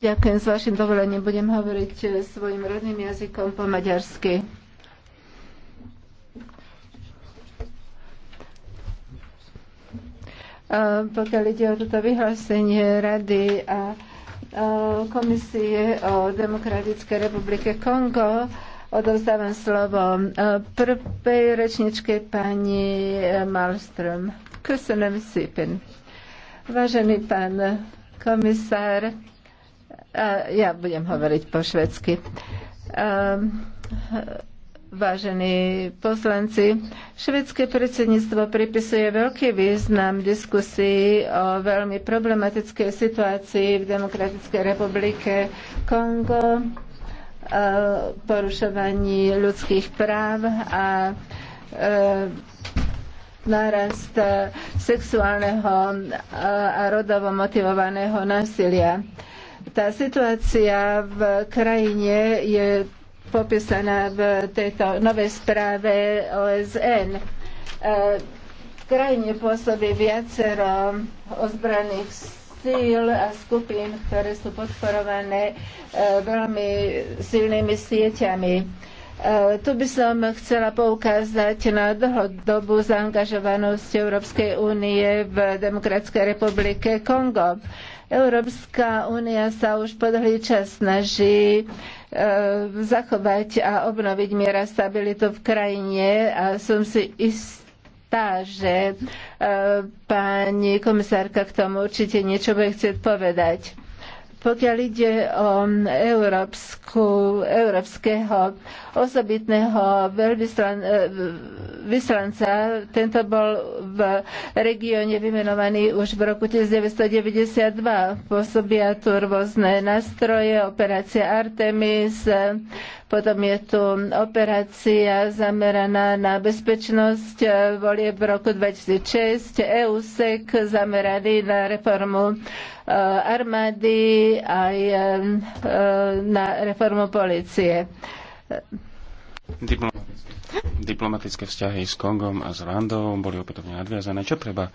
Ďakujem. S vašim dovolením budem hovoriť eh, svojim rodným jazykom po maďarsky. pokiaľ ide o toto vyhlásenie Rady a Komisie o Demokratickej republike Kongo, odovzdávam slovo eh, prvej rečničke pani eh, Malström. Köszönöm szépen. Vážený pán komisár, ja budem hovoriť po švedsky. Vážení poslanci, švedské predsedníctvo pripisuje veľký význam diskusii o veľmi problematickej situácii v Demokratickej republike Kongo, porušovaní ľudských práv a nárast e, sexuálneho e, a rodovo motivovaného násilia. Tá situácia v krajine je popísaná v tejto novej správe OSN. E, v krajine pôsobí viacero ozbraných síl a skupín, ktoré sú podporované veľmi silnými sieťami E, tu by som chcela poukázať na dlhodobú zaangažovanosť Európskej únie v Demokratskej republike Kongo. Európska únia sa už po dlhý čas snaží e, zachovať a obnoviť miera stabilitu v krajine a som si istá, že e, pani komisárka k tomu určite niečo bude chcieť povedať. Pokiaľ ide o um, európsku, európskeho osobitného e, vyslanca, tento bol v regióne vymenovaný už v roku 1992. Pôsobia tu rôzne nástroje, operácia Artemis, potom je tu operácia zameraná na bezpečnosť eh, volieb v roku 2006, EUSEC zameraný na reformu eh, armády aj eh, na reformu policie. Diplomatické vzťahy s Kongom a s Rwandou boli opätovne nadviazané, čo treba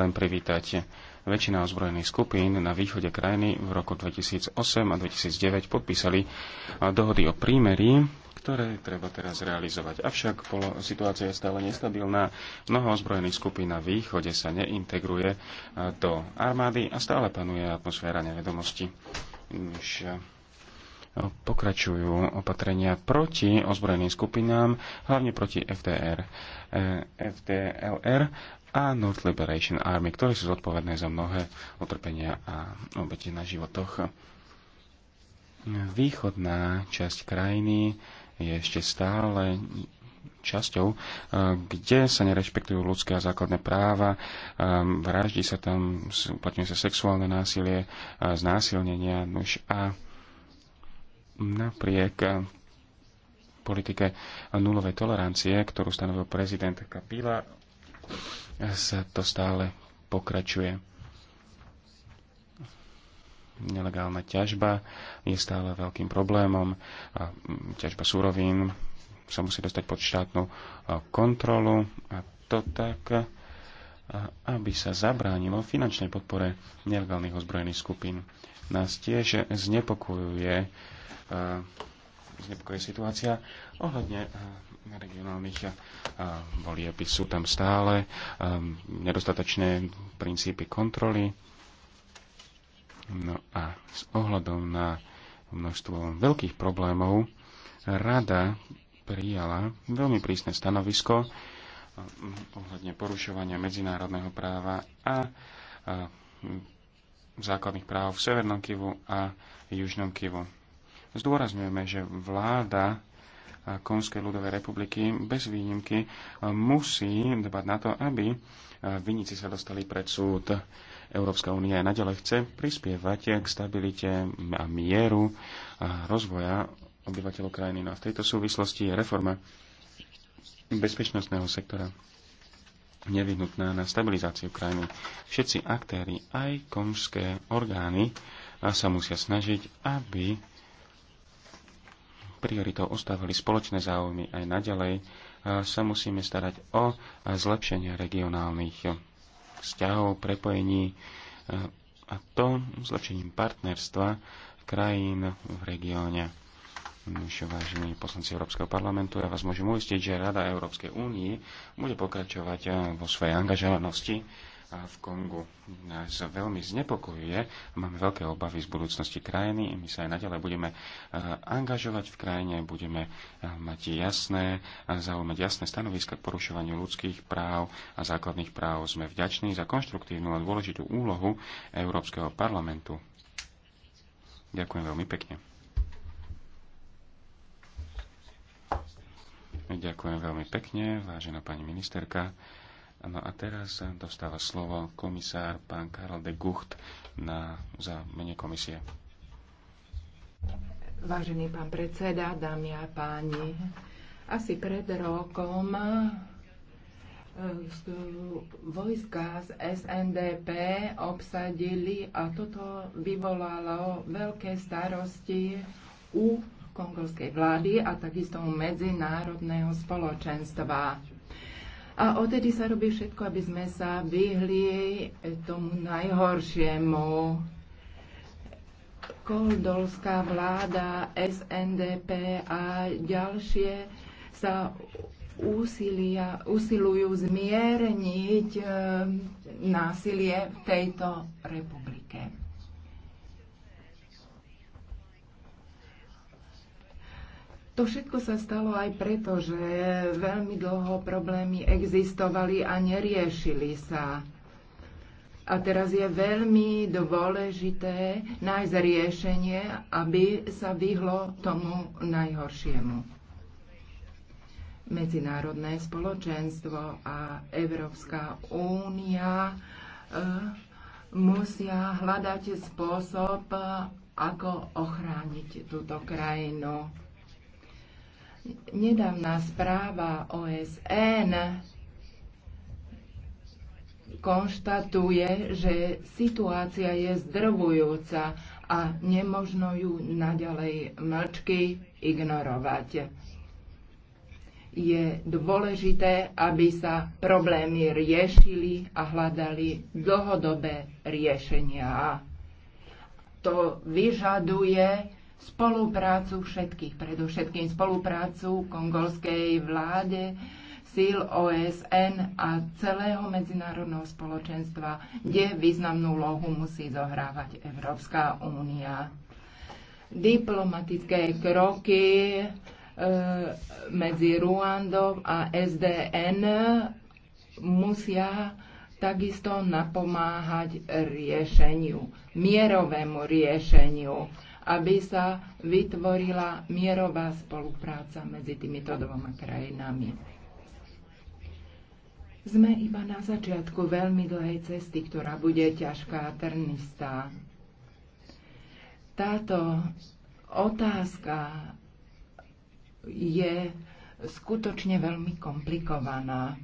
len privítať väčšina ozbrojených skupín na východe krajiny v roku 2008 a 2009 podpísali dohody o prímerí, ktoré treba teraz realizovať. Avšak polo, situácia je stále nestabilná. Mnoho ozbrojených skupín na východe sa neintegruje do armády a stále panuje atmosféra nevedomosti. Už e, pokračujú opatrenia proti ozbrojeným skupinám, hlavne proti FDR, e, FDLR a North Liberation Army, ktoré sú zodpovedné za mnohé utrpenia a obete na životoch. Východná časť krajiny je ešte stále časťou, eh, kde sa nerešpektujú ľudské a základné práva, eh, vraždí sa tam, uplatňuje sa sexuálne násilie, eh, znásilnenia, nuž a napriek politike nulovej tolerancie, ktorú stanovil prezident Kapila, sa to stále pokračuje. Nelegálna ťažba je stále veľkým problémom. A ťažba súrovín sa musí dostať pod štátnu kontrolu a to tak, aby sa zabránilo finančnej podpore nelegálnych ozbrojených skupín. Nás tiež znepokojuje znepokojuje situácia ohľadne na regionálnych volieb sú tam stále, nedostatočné princípy kontroly. No a s ohľadom na množstvo veľkých problémov, rada prijala veľmi prísne stanovisko ohľadne porušovania medzinárodného práva a základných práv v Severnom Kivu a Južnom Kivu. Zdôrazňujeme, že vláda Konskej ľudovej republiky bez výnimky e, musí dbať na to, aby e, vinníci sa dostali pred súd. Európska únia naďalej chce prispievať k stabilite a mieru a rozvoja obyvateľov krajiny. No a v tejto súvislosti je reforma bezpečnostného sektora nevyhnutná na stabilizáciu krajiny. Všetci aktéry, aj konžské orgány, sa musia snažiť, aby prioritou ostávali spoločné záujmy aj naďalej, e, sa musíme starať o e, zlepšenie regionálnych e, vzťahov, prepojení a to zlepšením partnerstva krajín v regióne. Už vážení poslanci Európskeho parlamentu, ja vás môžem uistiť, že Rada Európskej únie bude pokračovať vo svojej angažovanosti v Kongu nás veľmi znepokojuje a máme veľké obavy z budúcnosti krajiny. My sa aj naďalej budeme e, angažovať v krajine, budeme e, mať jasné, e, zaujímať jasné stanoviska k porušovaniu ľudských práv a základných práv. Sme vďační za konštruktívnu a dôležitú úlohu Európskeho parlamentu. Ďakujem veľmi pekne. Ďakujem veľmi pekne, vážená pani ministerka. No a teraz dostáva slovo komisár pán Karol de Gucht na, za mene komisie. Vážený pán predseda, dámy a páni, asi pred rokom eh, vojska z SNDP obsadili a toto vyvolalo veľké starosti u kongolskej vlády a takisto u medzinárodného spoločenstva a odtedy sa robí všetko, aby sme sa vyhli tomu najhoršiemu. Koldolská vláda, SNDP a ďalšie sa úsilia, usilujú zmierniť eh, násilie v tejto republike. To všetko sa stalo aj preto, že veľmi dlho problémy existovali a neriešili sa. A teraz je veľmi dôležité nájsť riešenie, aby sa vyhlo tomu najhoršiemu. Medzinárodné spoločenstvo a Európska únia e, musia hľadať spôsob, ako ochrániť túto krajinu Nedávna správa OSN konštatuje, že situácia je zdrvujúca a nemožno ju naďalej mlčky ignorovať. Je dôležité, aby sa problémy riešili a hľadali dlhodobé riešenia. To vyžaduje spoluprácu všetkých, predovšetkým spoluprácu kongolskej vláde, síl OSN a celého medzinárodného spoločenstva, kde významnú lohu musí zohrávať Európska únia. Diplomatické kroky e, medzi Ruandou a SDN musia takisto napomáhať riešeniu, mierovému riešeniu aby sa vytvorila mierová spolupráca medzi týmito dvoma krajinami. Sme iba na začiatku veľmi dlhej cesty, ktorá bude ťažká a trnistá. Táto otázka je skutočne veľmi komplikovaná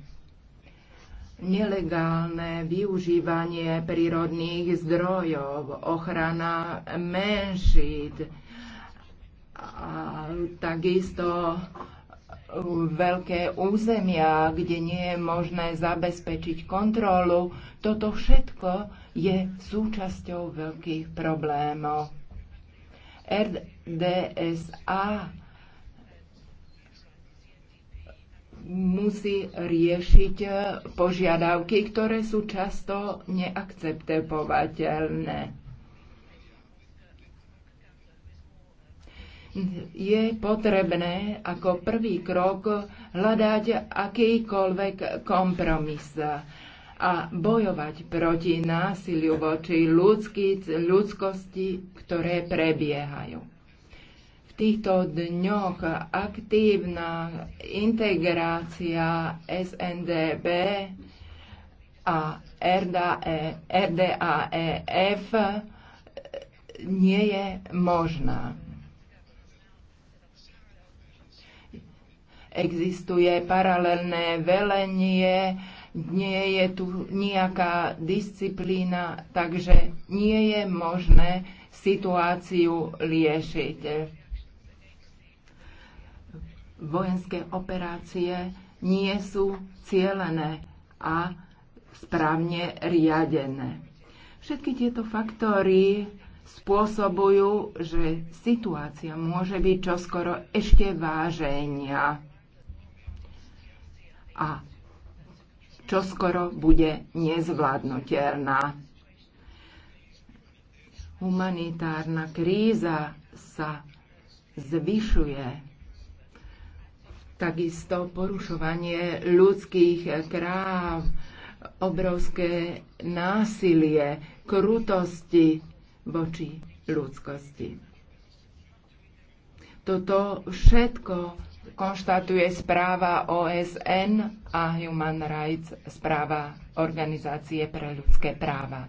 nelegálne využívanie prírodných zdrojov, ochrana menšít a takisto uh, veľké územia, kde nie je možné zabezpečiť kontrolu. Toto všetko je súčasťou veľkých problémov. RDSA musí riešiť e, požiadavky, ktoré sú často neakceptovateľné. je potrebné ako prvý krok hľadať akýkoľvek kompromis a bojovať proti násiliu voči ľudskosti, ktoré prebiehajú týchto dňoch aktívna integrácia SNDB a RDAEF e nie je možná. Existuje paralelné velenie, nie je tu nejaká disciplína, takže nie je možné situáciu liešiť vojenské operácie nie sú cielené a správne riadené. Všetky tieto faktory spôsobujú, že situácia môže byť čoskoro ešte váženia a čoskoro bude nezvládnutelná. Humanitárna kríza sa zvyšuje takisto porušovanie ľudských práv, obrovské násilie, krutosti voči ľudskosti. Toto všetko konštatuje správa OSN a Human Rights správa Organizácie pre ľudské práva.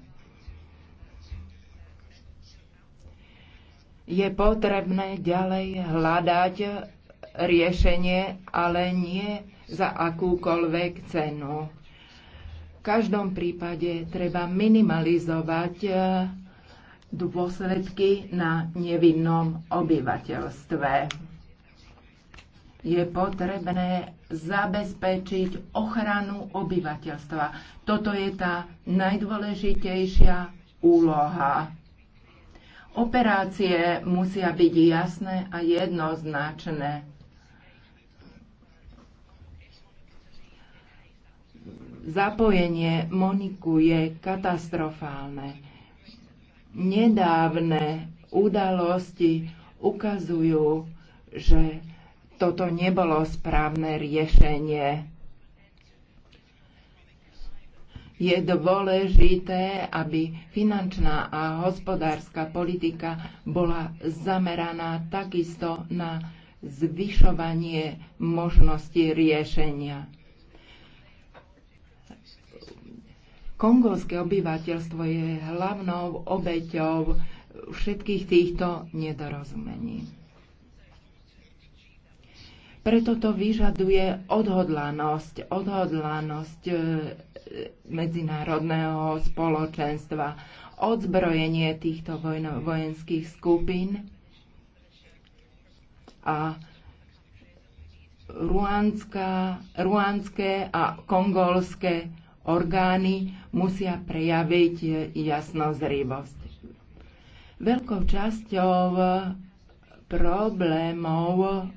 Je potrebné ďalej hľadať riešenie, ale nie za akúkoľvek cenu. V každom prípade treba minimalizovať e, dôsledky na nevinnom obyvateľstve. Je potrebné zabezpečiť ochranu obyvateľstva. Toto je tá najdôležitejšia úloha. Operácie musia byť jasné a jednoznačné. zapojenie Moniku je katastrofálne. Nedávne udalosti ukazujú, že toto nebolo správne riešenie. Je dôležité, aby finančná a hospodárska politika bola zameraná takisto na zvyšovanie možnosti riešenia Kongolské obyvateľstvo je hlavnou obeťou všetkých týchto nedorozumení. Preto to vyžaduje odhodlanosť, odhodlanosť e, medzinárodného spoločenstva, odzbrojenie týchto vojno, vojenských skupín a ruánska, ruánske a kongolské orgány musia prejaviť jasnozrivosť. Veľkou časťou problémov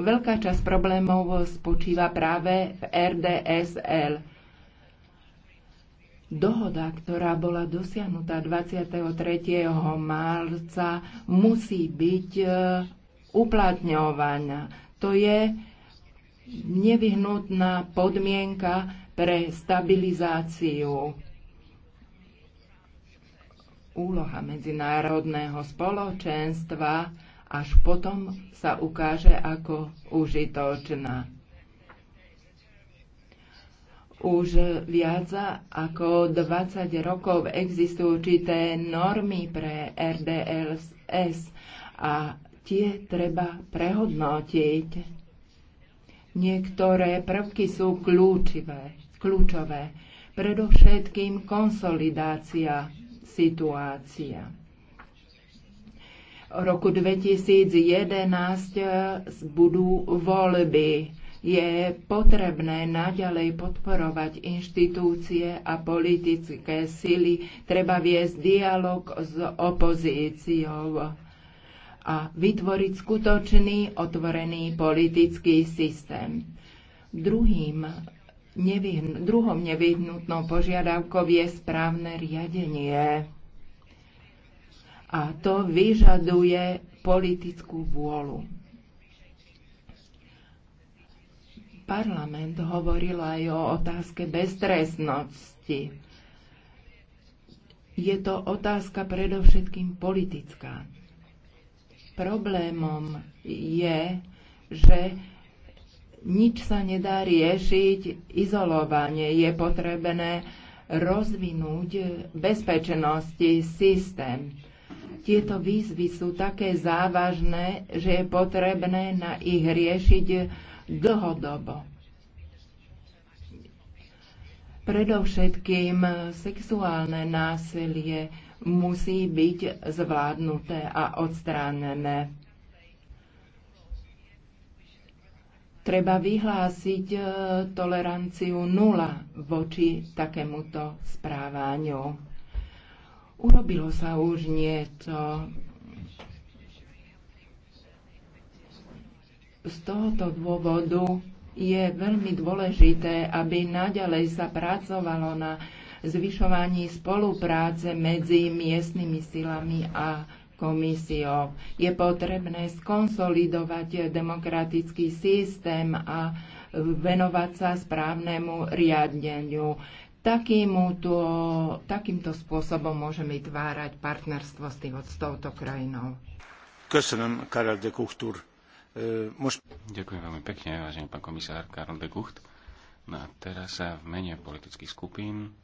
Veľká časť problémov spočíva práve v RDSL. Dohoda, ktorá bola dosiahnutá 23. marca, musí byť e, uplatňovaná. To je nevyhnutná podmienka pre stabilizáciu úloha medzinárodného spoločenstva až potom sa ukáže ako užitočná. Už viac ako 20 rokov existujú určité normy pre RDLS a tie treba prehodnotiť. Niektoré prvky sú kľúčivé kľúčové. Predovšetkým konsolidácia situácia. V roku 2011 budú voľby. Je potrebné naďalej podporovať inštitúcie a politické sily. Treba viesť dialog s opozíciou a vytvoriť skutočný otvorený politický systém. Druhým Druhom druhou nevyhnutnou požiadavkou je správne riadenie. A to vyžaduje politickú vôľu. Parlament hovoril aj o otázke beztrestnosti. Je to otázka predovšetkým politická. Problémom je, že nič sa nedá riešiť izolovanie. Je potrebné rozvinúť bezpečnosti systém. Tieto výzvy sú také závažné, že je potrebné na ich riešiť dlhodobo. Predovšetkým sexuálne násilie musí byť zvládnuté a odstránené. treba vyhlásiť e, toleranciu nula voči takémuto správaniu. Urobilo sa už niečo. Z tohoto dôvodu je veľmi dôležité, aby naďalej sa pracovalo na zvyšovaní spolupráce medzi miestnymi silami a komisiou. Je potrebné skonsolidovať demokratický systém a venovať sa správnemu riadeniu. Takýmuto, takýmto spôsobom môžeme vytvárať partnerstvo s, tým, s touto krajinou. Ďakujem veľmi pekne, vážený pán komisár Karol de Gucht. No a teraz sa v mene politických skupín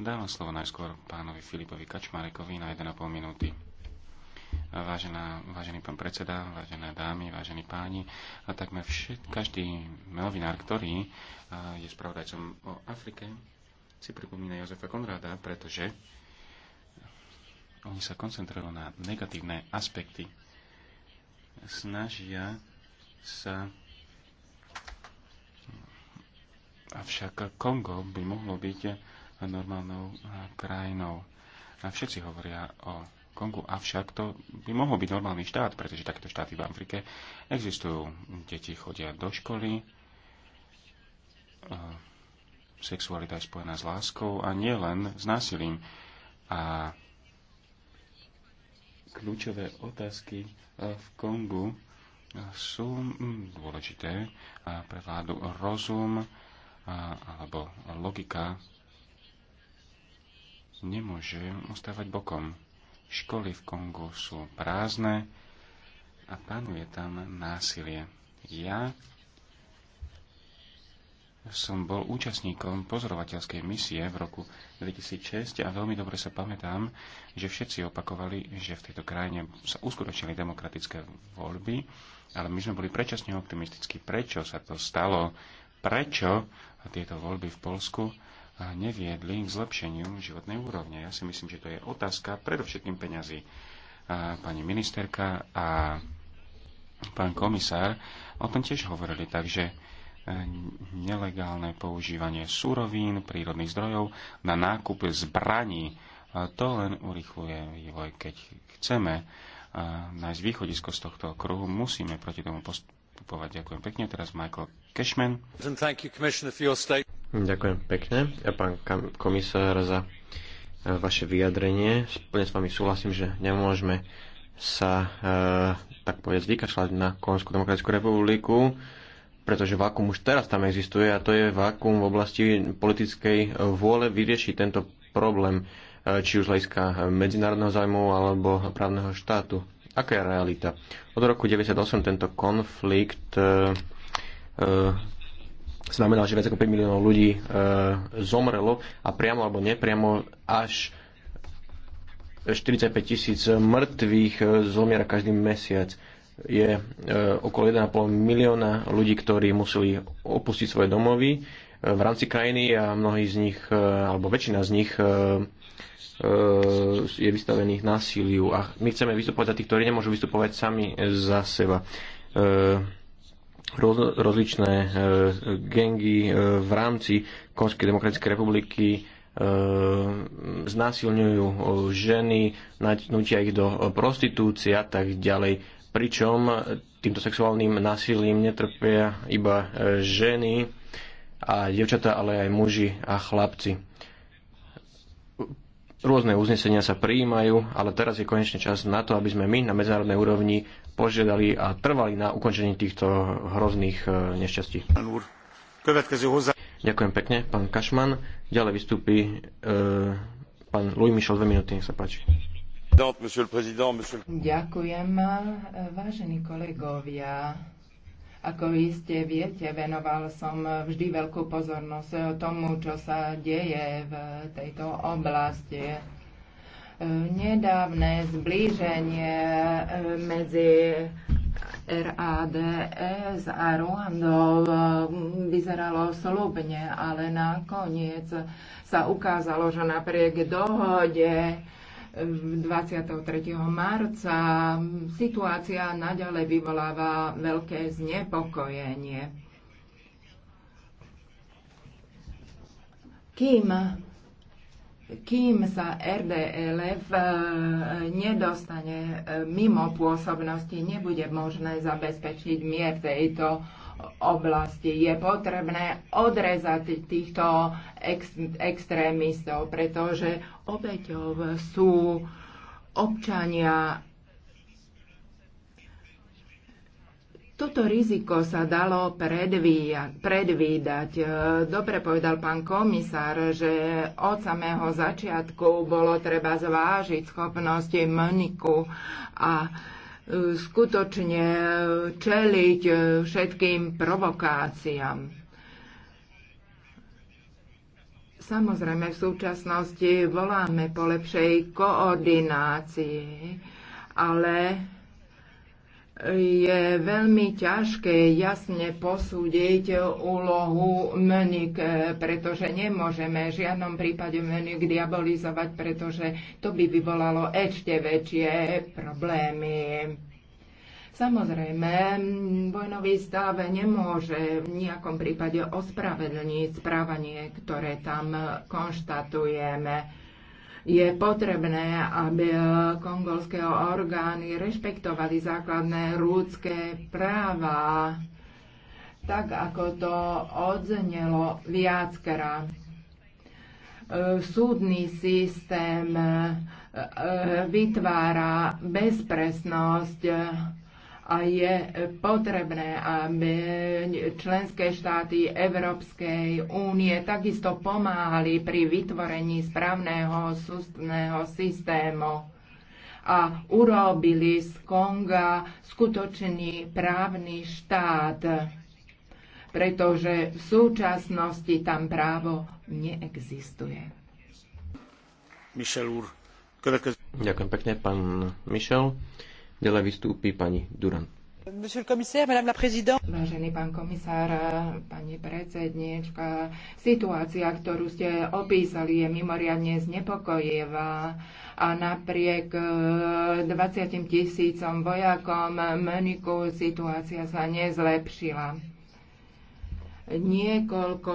dávam slovo najskôr pánovi Filipovi Kačmarekovi na 1,5 minúty vážená, vážený pán predseda, vážené dámy, vážení páni. A takmer všet, každý novinár, ktorý je spravodajcom o Afrike, si pripomína Jozefa Konráda, pretože oni sa koncentrujú na negatívne aspekty. Snažia sa Avšak Kongo by mohlo byť normálnou krajinou. A všetci hovoria o Kongu. Avšak to by mohol byť normálny štát, pretože takéto štáty v Afrike existujú. Deti chodia do školy, sexualita je spojená s láskou a nie len s násilím. A kľúčové otázky e, v Kongu e, sú dôležité pre vládu rozum alebo logika nemôže ostávať bokom. Školy v Kongu sú prázdne a panuje tam násilie. Ja som bol účastníkom pozorovateľskej misie v roku 2006 a veľmi dobre sa pamätám, že všetci opakovali, že v tejto krajine sa uskutočnili demokratické voľby, ale my sme boli prečasne optimistickí. Prečo sa to stalo? Prečo a tieto voľby v Polsku neviedli k zlepšeniu životnej úrovne. Ja si myslím, že to je otázka predovšetkým peňazí. Pani ministerka a pán komisár o tom tiež hovorili, takže e, nelegálne používanie surovín, prírodných zdrojov na nákup zbraní. To len urychluje vývoj. Keď chceme nájsť východisko z tohto kruhu, musíme proti tomu vystupovať. Ďakujem pekne. Teraz Michael Cashman. Ďakujem pekne. Ja pán komisár za e, vaše vyjadrenie. Plne s vami súhlasím, že nemôžeme sa e, tak povedať vykašľať na Konskú demokratickú republiku, pretože vakum už teraz tam existuje a to je vakum v oblasti politickej vôle vyriešiť tento problém, e, či už z hľadiska medzinárodného zájmu alebo právneho štátu. Aká je realita? Od roku 1998 tento konflikt uh, uh, znamenal, že viac ako 5 miliónov ľudí e, zomrelo a priamo alebo nepriamo až 45 tisíc mŕtvych e, zomiera každý mesiac je e, okolo 1,5 milióna ľudí, ktorí museli opustiť svoje domovy e, v rámci krajiny a mnohí z nich, e, alebo väčšina z nich Eh, je vystavených násiliu a my chceme vystupovať za tých, ktorí nemôžu vystupovať sami za seba. Eh, roz, rozličné eh, gengy v rámci Konskej demokratickej republiky znásilňujú ženy, nutia ich do prostitúcie a tak ďalej. Pričom týmto sexuálnym násilím netrpia iba ženy a devčatá, ale aj muži a chlapci Rôzne uznesenia sa prijímajú, ale teraz je konečne čas na to, aby sme my na medzinárodnej úrovni požiadali a trvali na ukončení týchto hrozných e, nešťastí. Ďakujem pekne, pán Kašman. Ďalej vystúpi e, pán Louis Michel, dve minúty, nech sa páči. Ďakujem, e, vážení kolegovia. Ako iste viete, venoval som vždy veľkú pozornosť tomu, čo sa deje v tejto oblasti nedávne zblíženie e, medzi RADS a Ruandou e, vyzeralo slubne, ale nakoniec sa ukázalo, že napriek dohode 23. marca. Situácia naďalej vyvoláva veľké znepokojenie. Kým kým sa RDLF e, nedostane e, mimo pôsobnosti, nebude možné zabezpečiť mier tejto oblasti. Je potrebné odrezať týchto ex- extrémistov, pretože obeťov sú občania. Toto riziko sa dalo predvídať. Dobre povedal pán komisár, že od samého začiatku bolo treba zvážiť schopnosti Mniku a skutočne čeliť všetkým provokáciám. Samozrejme, v súčasnosti voláme po lepšej koordinácii, ale je veľmi ťažké jasne posúdiť úlohu mnik, pretože nemôžeme v žiadnom prípade mnik diabolizovať, pretože to by vyvolalo ešte väčšie problémy. Samozrejme, vojnový stav nemôže v nejakom prípade ospravedlniť správanie, ktoré tam konštatujeme je potrebné, aby kongolské orgány rešpektovali základné ľudské práva, tak ako to odznelo viackrát. E, súdny systém e, e, vytvára bezpresnosť a je potrebné, aby členské štáty Európskej únie takisto pomáhali pri vytvorení správneho sústného systému a urobili z Konga skutočný právny štát, pretože v súčasnosti tam právo neexistuje. Michel Ur. Ďakujem pekne, pán Michel. Ďalej vystúpi pani Duran. Vážený pán komisár, pani predsedníčka, situácia, ktorú ste opísali, je mimoriadne znepokojivá a napriek 20 e, tisícom vojakom Moniku situácia sa nezlepšila. Niekoľko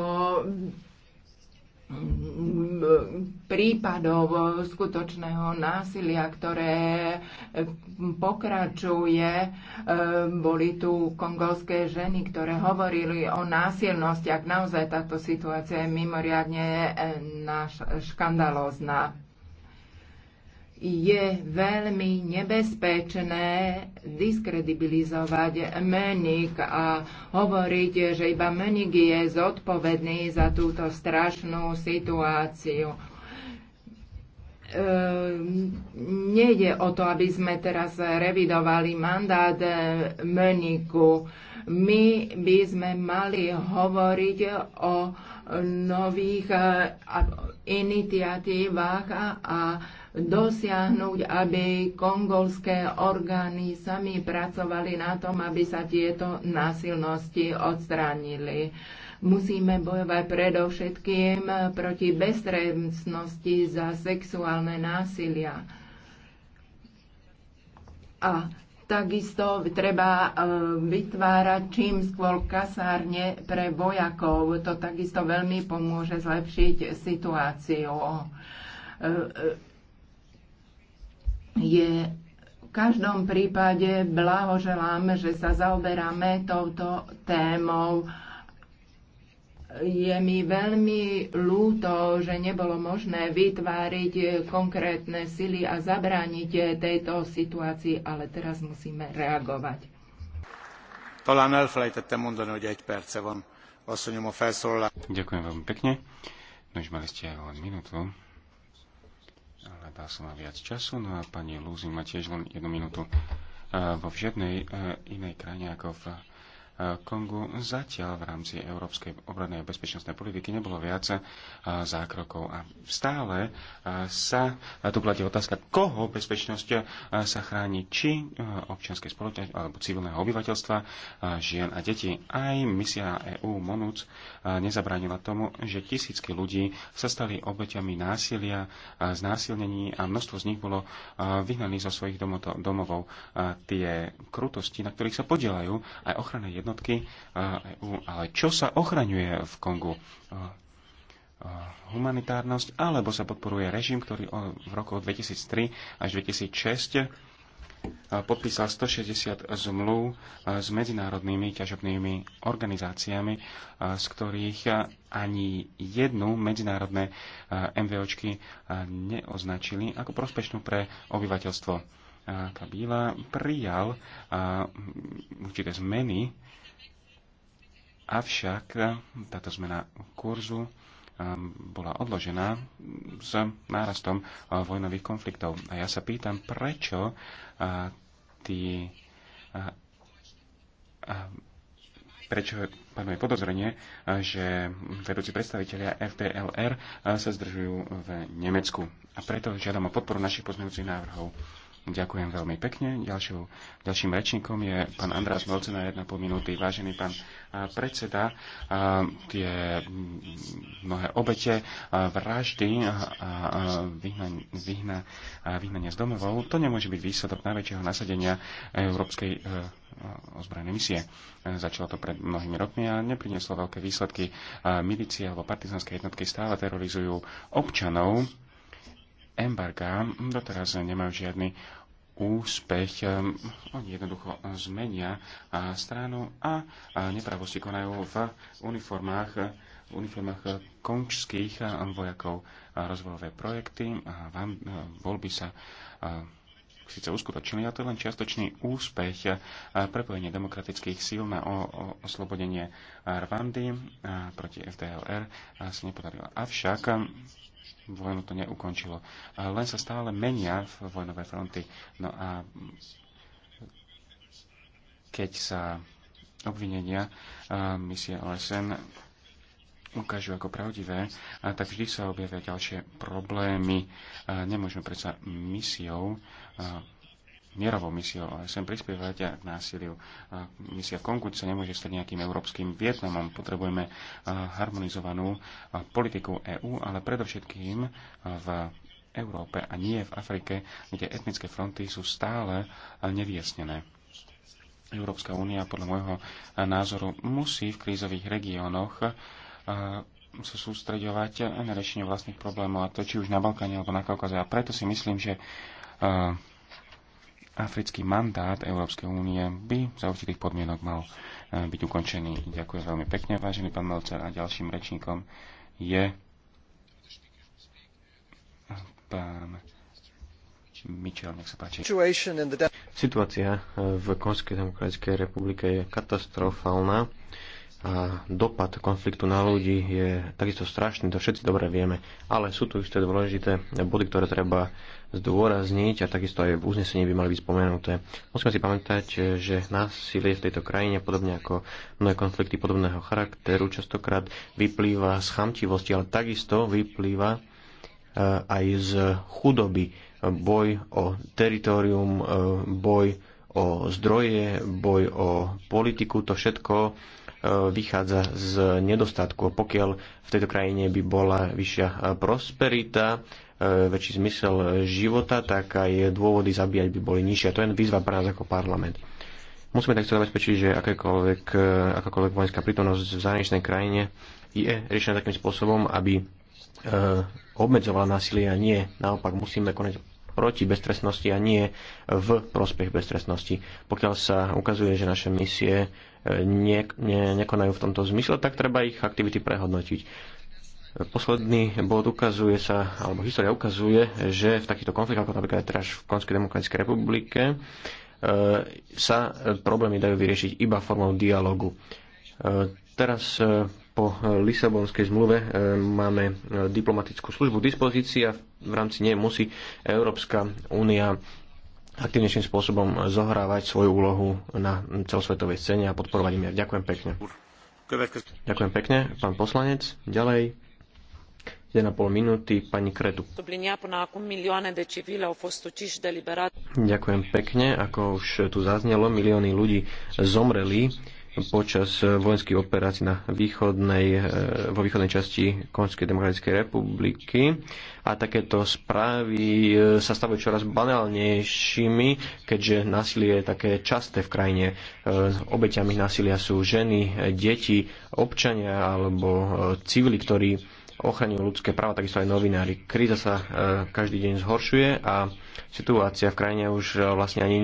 prípadov skutočného násilia, ktoré pokračuje. Boli tu kongolské ženy, ktoré hovorili o ak Naozaj táto situácia je mimoriadne eh, škandalózna je veľmi nebezpečné diskredibilizovať Menik a hovoriť, že iba Menik je zodpovedný za túto strašnú situáciu. Ehm, nejde o to, aby sme teraz revidovali mandát e, Meniku. My by sme mali hovoriť o nových e, iniciatívach a, a dosiahnuť, aby kongolské orgány sami pracovali na tom, aby sa tieto násilnosti odstránili. Musíme bojovať predovšetkým proti bestrednosti za sexuálne násilia. A takisto treba e, vytvárať čím skôr kasárne pre vojakov. To takisto veľmi pomôže zlepšiť situáciu e, e, je v každom prípade blahoželám, že sa zaoberáme touto témou. Je mi veľmi ľúto, že nebolo možné vytváriť konkrétne sily a zabrániť tejto situácii, ale teraz musíme reagovať. Talán elfelejtettem mondani, hogy egy perce van. Asszonyom a felszólalás. Ďakujem veľmi pekne. No už mali ste len minútu ale dá sa na viac času. No a pani Lúzi má tiež len jednu minútu. Vo e, žiadnej e, inej krajine ako v Kongu zatiaľ v rámci európskej obrannej a bezpečnostnej politiky nebolo viac zákrokov. A stále sa tu platí otázka, koho bezpečnosť sa chráni, či občianske spoločnosti alebo civilného obyvateľstva, žien a detí. Aj misia EU MONUC nezabránila tomu, že tisícky ľudí sa stali obeťami násilia, znásilnení a množstvo z nich bolo vyhnaných zo svojich domov, domovov. Tie krutosti, na ktorých sa podielajú aj ochranné jednotky, jednotky eh, Ale čo sa ochraňuje v Kongu? Eh, eh, humanitárnosť, alebo sa podporuje režim, ktorý v roku 2003 až 2006 podpísal 160 zmluv s medzinárodnými ťažobnými organizáciami, z ktorých ani jednu medzinárodné MVOčky neoznačili ako prospešnú pre obyvateľstvo. Kabila prijal určité zmeny Avšak táto zmena kurzu um, bola odložená s nárastom uh, vojnových konfliktov. A ja sa pýtam, prečo uh, tí uh, prečo panuje podozrenie, že vedúci predstavitelia FPLR sa zdržujú v Nemecku. A preto žiadam o podporu našich pozmeňujúcich návrhov. Ďakujem veľmi pekne. Ďalšou, ďalším rečníkom je pán András Balce jedna 1,5 minúty. Vážený pán predseda, tie mnohé obete vraždy a vyhnania, vyhna, vyhnania z domovov, to nemôže byť výsledok najväčšieho nasadenia Európskej e, ozbrojené misie. Začalo to pred mnohými rokmi a neprinieslo veľké výsledky. Milície alebo partizanské jednotky stále terorizujú občanov embarga doteraz nemajú žiadny úspech. Oni jednoducho zmenia stranu a nepravosti konajú v uniformách, v uniformách končských vojakov. Rozvojové projekty a voľby sa síce uskutočnili, a to je len čiastočný úspech prepojenie demokratických síl na o, o, oslobodenie Rwandy proti FDLR sa nepodarilo. Avšak vojnu to neukončilo. Len sa stále menia v vojnové fronty. No a keď sa obvinenia misie OSN ukážu ako pravdivé, a tak vždy sa objavia ďalšie problémy. Nemôžeme predsa misiou mierovou misiou sem prispievať k násiliu. Misia v Kongu sa nemôže stať nejakým európskym Vietnamom. Potrebujeme harmonizovanú politiku EÚ, ale predovšetkým v Európe a nie v Afrike, kde etnické fronty sú stále nevyjasnené. Európska únia podľa môjho názoru musí v krízových regiónoch sa sústreďovať na riešenie vlastných problémov, a to či už na Balkáne alebo na Kaukaze. A preto si myslím, že africký mandát Európskej únie by za určitých podmienok mal e, byť ukončený. Ďakujem veľmi pekne, vážený pán Melcer a ďalším rečníkom je pán Mičel, nech sa páči. Situácia v Konskej demokratickej republike je katastrofálna a dopad konfliktu na ľudí je takisto strašný, to všetci dobre vieme. Ale sú tu isté dôležité body, ktoré treba zdôrazniť a takisto aj v uznesení by mali byť spomenuté. Musíme si pamätať, že násilie v tejto krajine, podobne ako mnohé konflikty podobného charakteru, častokrát vyplýva z chamtivosti, ale takisto vyplýva e, aj z chudoby. Boj o teritorium, e, boj o zdroje, boj o politiku, to všetko vychádza z nedostatku. Pokiaľ v tejto krajine by bola vyššia e, prosperita, e, väčší zmysel života, tak aj dôvody zabíjať by boli nižšie. To je výzva pre nás ako parlament. Musíme takto zabezpečiť, že akákoľvek, e, akákoľvek vojenská prítomnosť v zahraničnej krajine je riešená takým spôsobom, aby obmedzovala násilie a nie. Naopak musíme konať proti beztrestnosti a nie v prospech beztrestnosti. Pokiaľ sa ukazuje, že naše misie ne, ne, nekonajú v tomto zmysle, tak treba ich aktivity prehodnotiť. Posledný bod ukazuje sa, alebo história ukazuje, že v takýchto konfliktoch, ako napríklad teraz v Konskej demokratickej republike, e, sa problémy dajú vyriešiť iba formou dialogu. E, teraz e, po Lisabonskej zmluve máme diplomatickú službu dispozícii a v rámci nej musí Európska únia aktívnejším spôsobom zohrávať svoju úlohu na celosvetovej scéne a podporovať mier. Ďakujem pekne. Ďakujem pekne, pán poslanec. Ďalej, 1,5 minúty, pani Kretu. Ďakujem pekne, ako už tu zaznelo, milióny ľudí zomreli počas eh, vojenských operácií na východnej, eh, vo východnej časti Konskej demokratickej republiky. A takéto správy eh, sa stavajú čoraz banálnejšími, keďže násilie je také časté v krajine. Obeťami násilia sú ženy, deti, občania alebo civili, ktorí ochraňujú ľudské práva, takisto aj novinári. Kríza sa každý deň zhoršuje a situácia v krajine už eh, vlastne ani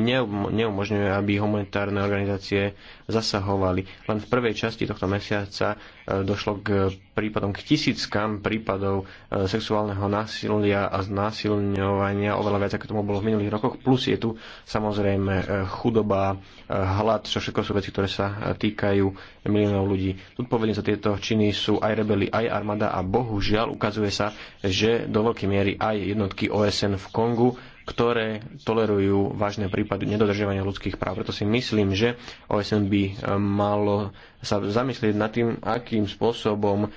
neumožňuje, aby humanitárne organizácie zasahovali. Len v prvej časti tohto mesiaca eh, došlo k prípadom, k tisíckam prípadov eh, sexuálneho násilia a znásilňovania, oveľa viac ako tomu bolo v minulých rokoch. Plus je tu samozrejme chudoba, hlad, čo všetko sú veci, ktoré sa týkajú miliónov ľudí. Zodpovední za tieto činy sú aj rebeli, aj armáda a bohužiaľ ukazuje sa, že do veľkej miery aj jednotky OSN v Kongu ktoré tolerujú vážne prípady nedodržiavania ľudských práv. Preto si myslím, že OSN by e, malo sa zamyslieť nad tým, akým spôsobom e,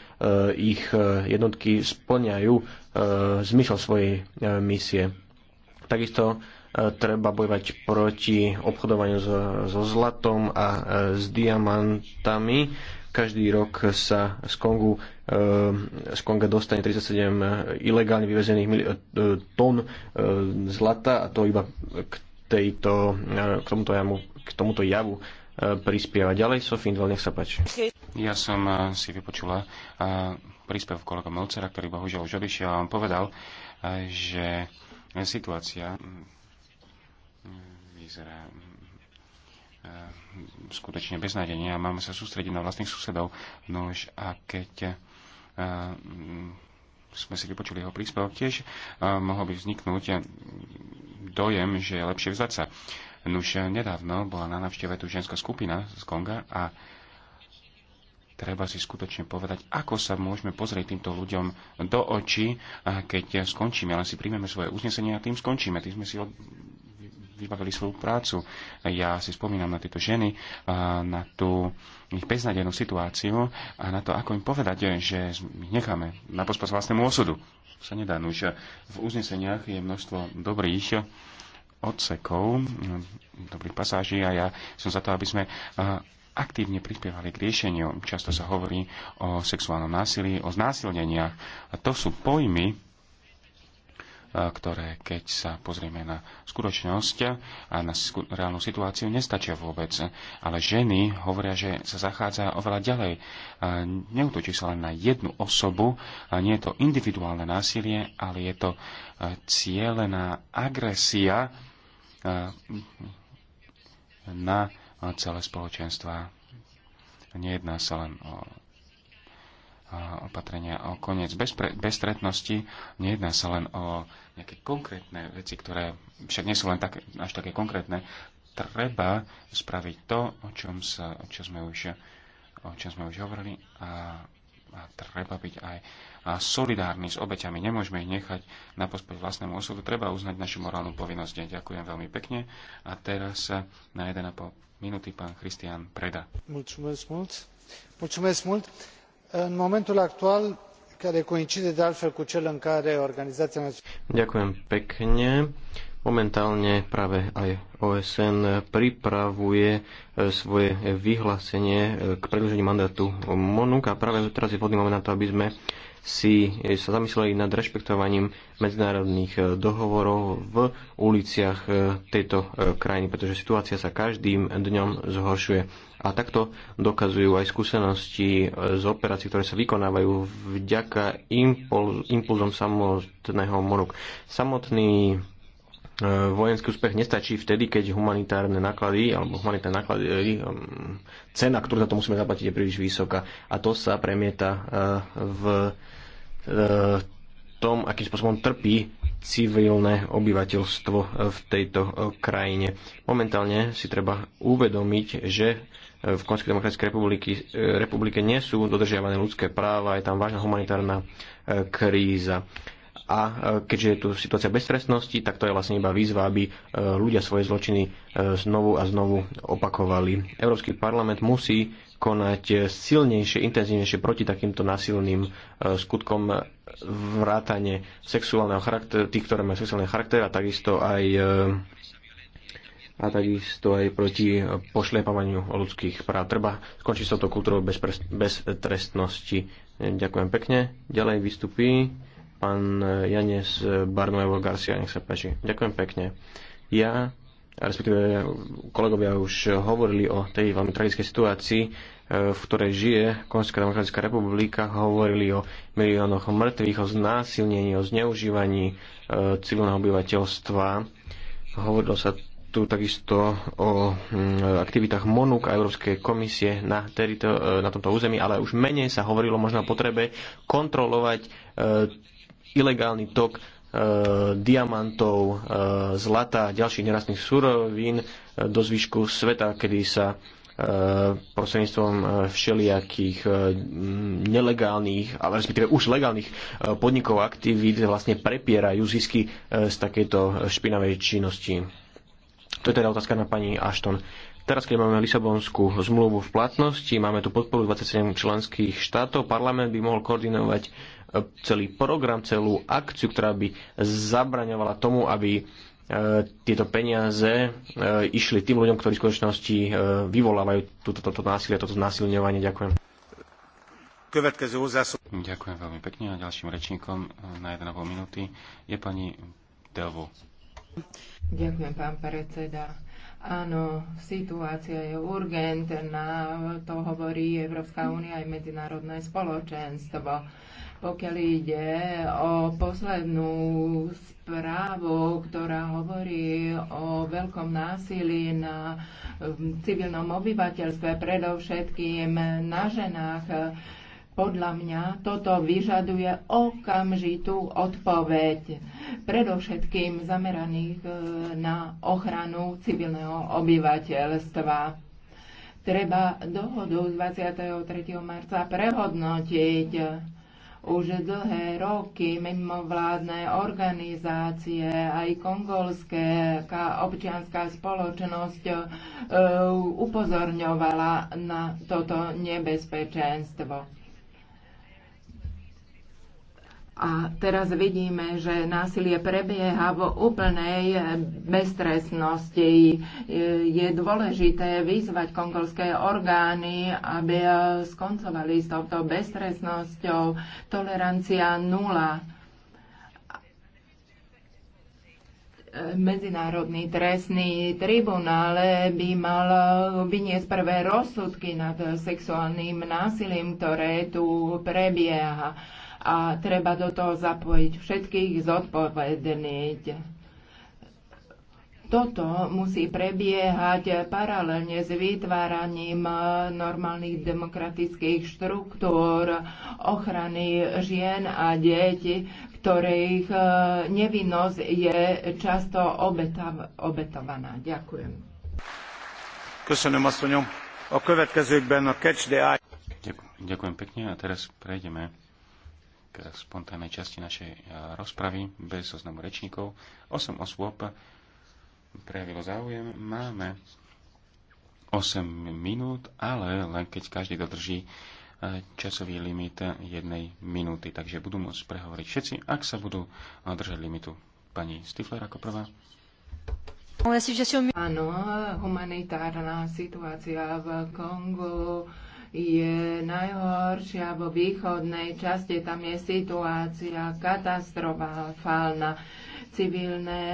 ich e, jednotky splňajú zmysel svojej misie. Takisto treba bojovať proti obchodovaniu so, so zlatom a s diamantami každý rok sa z, Kongu, eh, z Konga dostane 37 eh, ilegálne vyvezených eh, tón zlata a to iba k, tejto, k, tomuto, jamu, k tomuto javu prispieva. Ďalej, Sofín, nech sa páči. Ja som si vypočula príspev kolega Melcera, ktorý bohužiaľ už odišiel a on povedal, že situácia mm, mm, vyzerá mm, skutočne beznádejne a máme sa sústrediť na vlastných susedov. Nož a keď a, eh, sme si vypočuli jeho príspevok tiež, a, eh, mohol by vzniknúť eh, dojem, že je lepšie vzdať sa. Nuž nedávno bola na návšteve tu ženská skupina z Konga a treba si skutočne povedať, ako sa môžeme pozrieť týmto ľuďom do očí, keď skončíme, len si príjmeme svoje uznesenie a tým skončíme. Tým sme si od, vybavili svoju prácu. Ja si spomínam na tieto ženy, na tú ich beznadenú situáciu a na to, ako im povedať, že ich necháme na pospas vlastnému osudu. To sa nedá. Už no, v uzneseniach je množstvo dobrých odsekov, dobrých pasáží a ja som za to, aby sme aktívne prispievali k riešeniu. Často sa hovorí o sexuálnom násilí, o znásilneniach. A to sú pojmy, ktoré, keď sa pozrieme na skutočnosť a na reálnu situáciu, nestačia vôbec. Ale ženy hovoria, že sa zachádza oveľa ďalej. Neutočí sa len na jednu osobu, nie je to individuálne násilie, ale je to cieľená agresia na celé spoločenstva. Nejedná sa len o opatrenia o koniec bez stretnosti, Nejedná sa len o nejaké konkrétne veci, ktoré však nie sú len tak, až také konkrétne. Treba spraviť to, o čom, sa, o čom, sme, už, o čom sme už hovorili a, a treba byť aj a solidárni s obeťami. Nemôžeme ich nechať na pospoť vlastnému osudu. Treba uznať našu morálnu povinnosť. Ďakujem veľmi pekne. A teraz na 1,5 minúty pán Christian Preda. Mulțumesc mult. Mulțumesc mult în momentul actual care coincide de altfel cu cel în care Organizácia Ďakujem pekne. Momentálne práve aj OSN pripravuje e, svoje vyhlásenie e, k predĺženiu mandátu MONUK a práve teraz je vhodný moment na to, aby sme si eh, sa zamysleli nad rešpektovaním medzinárodných eh, dohovorov v uliciach eh, tejto krajiny, pretože situácia sa každým dňom zhoršuje. A takto dokazujú aj skúsenosti z operácií, ktoré sa vykonávajú vďaka impulzom samotného moruk. Samotný Eh, vojenský úspech nestačí vtedy, keď humanitárne náklady alebo humanitárne náklady, eh, eh, cena, ktorú za to musíme zaplatiť, je príliš vysoká. A to sa premieta v tom, akým spôsobom trpí civilné obyvateľstvo v tejto krajine. Momentálne si treba uvedomiť, že v Konskej demokratickej republiky, republike nie sú dodržiavané ľudské práva, je tam vážna humanitárna kríza a e, keďže je tu situácia beztrestnosti, tak to je vlastne iba výzva, aby e, ľudia svoje zločiny e, znovu a znovu opakovali. Európsky parlament musí konať silnejšie, intenzívnejšie proti takýmto násilným skutkom vrátane sexuálneho charakteru, tých, ktoré majú sexuálny charakter a takisto aj a takisto aj proti pošliepavaniu ľudských práv. Treba skončiť s touto kultúrou bez Bez Ďakujem pekne. Ďalej vystupí pán Janes Barnuevo Garcia, nech sa páči. Ďakujem pekne. Ja, respektíve kolegovia už hovorili o tej veľmi tragickej situácii, e, v ktorej žije Konská demokratická republika, hovorili o miliónoch mŕtvych, o znásilnení, o zneužívaní e, civilného obyvateľstva. Hovorilo sa tu takisto o mm, aktivitách MONUK a Európskej komisie na, terito, e, na tomto území, ale už menej sa hovorilo možno o potrebe kontrolovať ilegálny tok e, diamantov, e, zlata a ďalších nerastných surovín e, do zvyšku sveta, kedy sa prostredníctvom všelijakých nelegálnych, ale respektíve už legálnych podnikov aktivít vlastne prepierajú zisky z takejto špinavej činnosti. To je teda otázka na pani Ashton. Teraz, keď máme Lisabonskú zmluvu v platnosti, máme tu podporu 27 členských štátov, parlament by mohol koordinovať celý program, celú akciu, ktorá by zabraňovala tomu, aby e, tieto peniaze e, išli tým ľuďom, ktorí v skutočnosti e, vyvolávajú túto, toto násilie, toto znásilňovanie. Ďakujem. Ďakujem veľmi pekne a ďalším rečníkom na 1,5 minúty je pani Delvo. Ďakujem, pán predseda Áno, situácia je urgentná, to hovorí Európska únia aj medzinárodné spoločenstvo. Pokiaľ ide o poslednú správu, ktorá hovorí o veľkom násilí na um, civilnom obyvateľstve, predovšetkým na ženách, podľa mňa toto vyžaduje okamžitú odpoveď, predovšetkým zameraných e, na ochranu civilného obyvateľstva treba dohodu z 23. marca prehodnotiť. Už dlhé roky mimovládne organizácie, aj kongolské občianská spoločnosť e, upozorňovala na toto nebezpečenstvo a teraz vidíme, že násilie prebieha v úplnej eh, beztresnosti. Eh, je dôležité vyzvať kongolské orgány, aby eh, skoncovali s touto beztresnosťou. Tolerancia nula. Medzinárodný trestný tribunál by mal vyniesť prvé rozsudky nad sexuálnym násilím, ktoré tu prebieha a treba do toho zapojiť všetkých zodpovedných. Toto musí prebiehať paralelne s vytváraním normálnych demokratických štruktúr ochrany žien a detí, ktorých e, nevinnosť je často obetav, obetovaná. Ďakujem. Ďakujem pekne a teraz prejdeme spontánnej časti našej e, rozpravy bez oznamu rečníkov. 8 osôb prejavilo záujem. Máme 8 minút, ale len keď každý dodrží e, časový limit jednej minúty. Takže budú môcť prehovoriť všetci, ak sa budú e, držať limitu. Pani Stifler ako prvá. Áno, humanitárna situácia v Kongu je najhoršia vo východnej časti. Tam je situácia katastrofálna. Civilné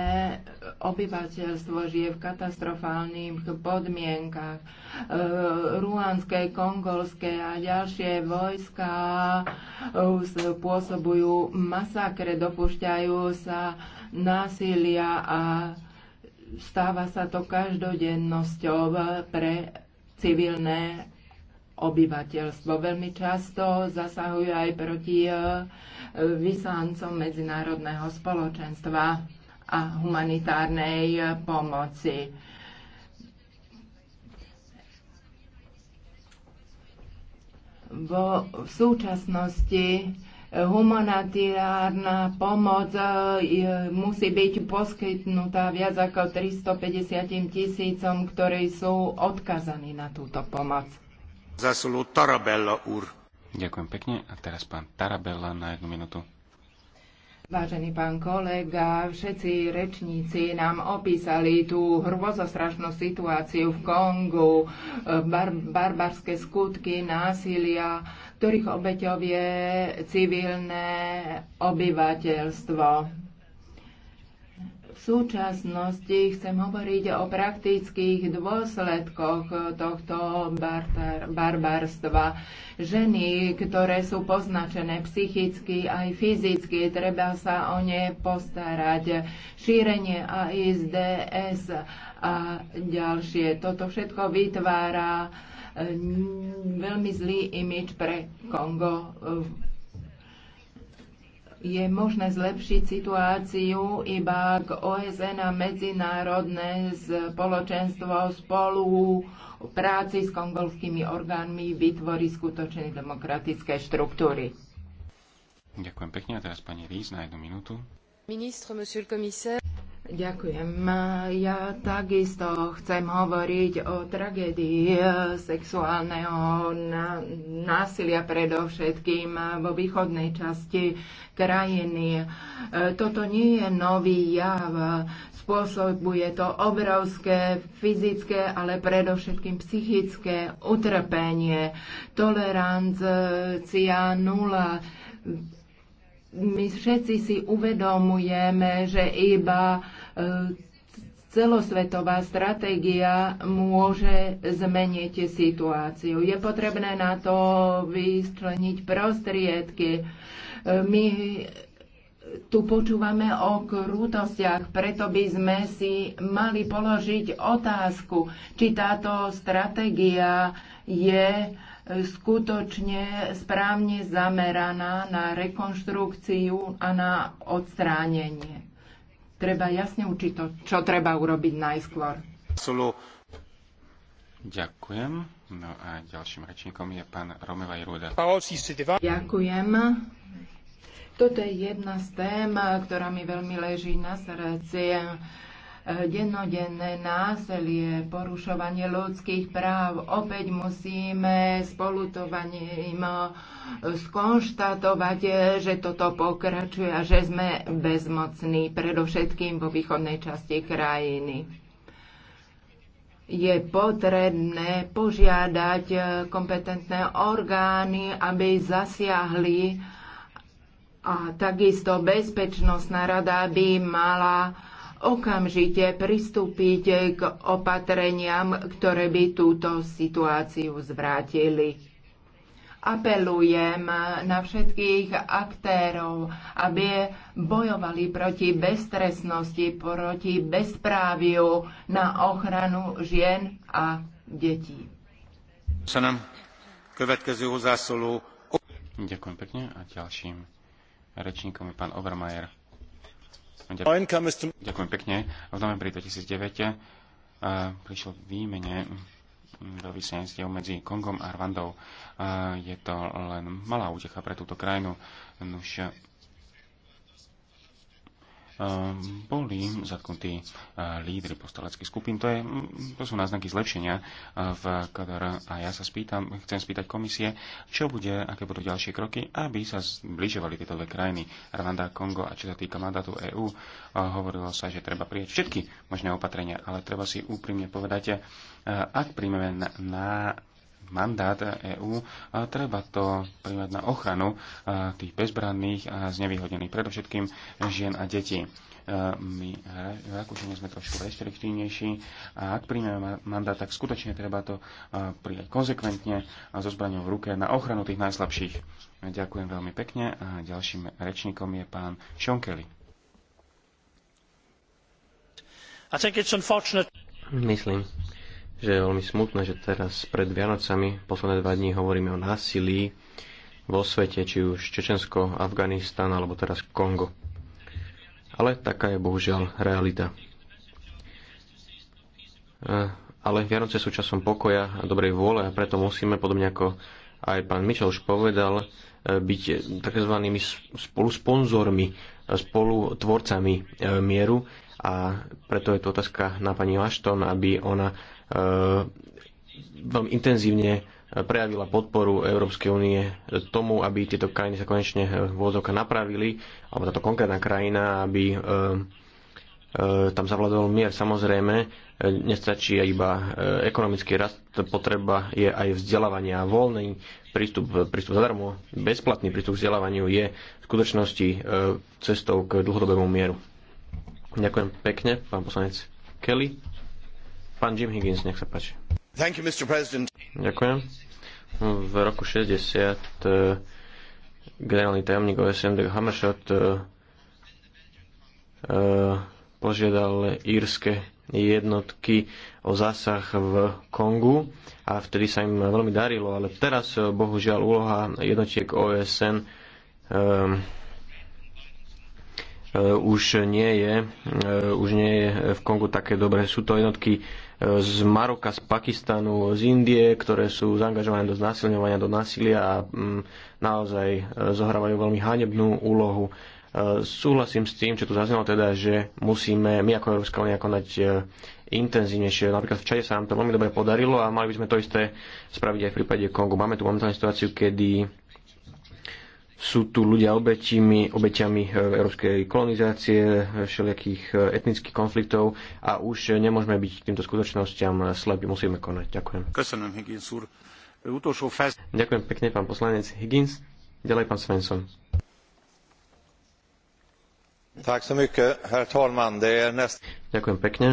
obyvateľstvo žije v katastrofálnych podmienkach. E, Ruanské, kongolské a ďalšie vojska e, pôsobujú masakre, dopúšťajú sa násilia a stáva sa to každodennosťou pre civilné obyvateľstvo. Veľmi často zasahujú aj proti e, vyslancom medzinárodného spoločenstva a humanitárnej e, pomoci. Vo, v súčasnosti e, humanitárna pomoc musí byť poskytnutá viac ako 350 tisícom, ktorí sú odkazaní na túto pomoc. Tarabella Ďakujem pekne. A teraz pán Tarabella na jednu minútu. Vážený pán kolega, všetci rečníci nám opísali tú hrozostrašnú situáciu v Kongu, bar- barbarské skutky, násilia, ktorých obeťov je civilné obyvateľstvo v súčasnosti chcem hovoriť o praktických dôsledkoch tohto barbar, barbarstva. Ženy, ktoré sú poznačené psychicky aj fyzicky, treba sa o ne postarať. Šírenie AIDS a ďalšie. Toto všetko vytvára mm, veľmi zlý imič pre Kongo je možné zlepšiť situáciu, iba k OSN a medzinárodné spoločenstvo spolu práci s kongolskými orgánmi vytvorí skutočné demokratické štruktúry. Ďakujem pekne a teraz pani Rís na jednu minútu. Ministr, monsieur le commissaire. Ďakujem. Ja takisto chcem hovoriť o tragédii sexuálneho násilia predovšetkým vo východnej časti krajiny. E, toto nie je nový jav. Spôsobuje to obrovské fyzické, ale predovšetkým psychické utrpenie. Tolerancia nula my všetci si uvedomujeme, že iba e, celosvetová stratégia môže zmeniť situáciu. Je potrebné na to vyčleniť prostriedky. E, my tu počúvame o krútostiach, preto by sme si mali položiť otázku, či táto stratégia je e, skutočne správne zameraná na rekonštrukciu a na odstránenie. Treba jasne učiť to, čo treba urobiť najskôr. Ďakujem. No a ďalším rečníkom je pán Romeva Ruda. Ďakujem. Toto je jedna z tém, ktorá mi veľmi leží na srdci. Dennodenné násilie, porušovanie ľudských práv. Opäť musíme spolutovaním skonštatovať, že toto pokračuje a že sme bezmocní, predovšetkým vo východnej časti krajiny je potrebné požiadať kompetentné orgány, aby zasiahli a takisto Bezpečnostná rada by mala okamžite pristúpiť k opatreniam, ktoré by túto situáciu zvrátili. Apelujem na všetkých aktérov, aby bojovali proti beztresnosti, proti bezpráviu na ochranu žien a detí. Ďakujem pekne a ďalším Rečníkom je pán Obermajer. Ďakujem, pekne. V novembri 2009 eh, prišlo k výmene mm, vysenstiev medzi Kongom a Rwandou. Eh, je to len malá útecha pre túto krajinu. Nuž eh, Ehm, boli zatknutí eh, lídry postaleckých skupín. To, je, mm, to sú náznaky zlepšenia eh, v KDR a ja sa spýtam, chcem spýtať komisie, čo bude, aké budú ďalšie kroky, aby sa zbližovali tieto dve krajiny, Rwanda, Kongo a čo sa týka mandátu EÚ, eh, hovorilo sa, že treba prijať všetky možné opatrenia, ale treba si úprimne povedať, ak príjmeme na, na mandát EÚ, treba to prijať na ochranu tých bezbranných a znevýhodnených, predovšetkým žien a detí. My v Rakúšine sme trošku restriktívnejší a ak príjmeme mandát, tak skutočne treba to prijať konzekventne a so zbraňou v ruke na ochranu tých najslabších. Ďakujem veľmi pekne a ďalším rečníkom je pán Šonkeli. Myslím, že je veľmi smutné, že teraz pred Vianocami posledné dva dní hovoríme o násilí vo svete, či už Čečensko, Afganistan alebo teraz Kongo. Ale taká je bohužiaľ realita. E, ale Vianoce sú časom pokoja a dobrej vôle a preto musíme, podobne ako aj pán Mičel už povedal, e, byť tzv. spolusponzormi, spolutvorcami e, mieru a preto je tu otázka na pani Ashton, aby ona E, veľmi intenzívne prejavila podporu Európskej únie tomu, aby tieto krajiny sa konečne vôzoka napravili, alebo táto konkrétna krajina, aby e, e, tam zavládol mier. Samozrejme, nestačí iba ekonomický rast, potreba je aj vzdelávania. Voľný prístup, prístup zadarmo, bezplatný prístup k vzdelávaniu je v skutočnosti cestou k dlhodobému mieru. Ďakujem pekne, pán poslanec Kelly. Pán Jim Higgins, nech sa páči. Thank you, Mr. President. Ďakujem. V roku 60 e, generálny tajomník OSM Hammershot uh, požiadal írske jednotky o zásah v Kongu a vtedy sa im veľmi darilo, ale teraz bohužiaľ úloha jednotiek OSN um, E, už nie je, e, už nie je v Kongu také dobré. Sú to jednotky e, z Maroka, z Pakistanu, z Indie, ktoré sú zaangažované do znásilňovania, do násilia a mm, naozaj zohrávajú veľmi hanebnú úlohu. Súhlasím s tým, čo tu zaznelo teda, že musíme my ako Európska únia konať intenzívnejšie. Napríklad v Čade sa nám to veľmi dobre podarilo a mali by sme to isté spraviť aj v prípade Kongu. Máme tu momentálne situáciu, kedy sú tu ľudia obetimi, obeťami e, európskej kolonizácie, všelijakých e, etnických konfliktov a už nemôžeme byť týmto skutočnosťam slepí, musíme konať. Ďakujem. Ďakujem pekne, pán poslanec Higgins. Ďalej pán Svensson. Ďakujem pekne.